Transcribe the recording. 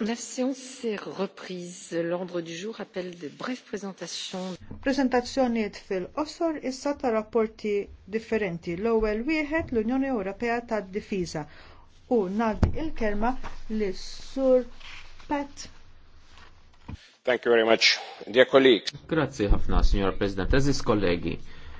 La séance est reprise. L'ordre du jour appelle de brèves présentations. Prezentazzjoniet fil-qosor issa ta' rapporti differenti. L-ewwel wieħed l-Unjoni Ewropea tad-Difiża. U ngħaddi il-kelma lis sur Pat. Thank you very much. Dear colleagues. Grazzi ħafna, Signor President. Aziz kollegi.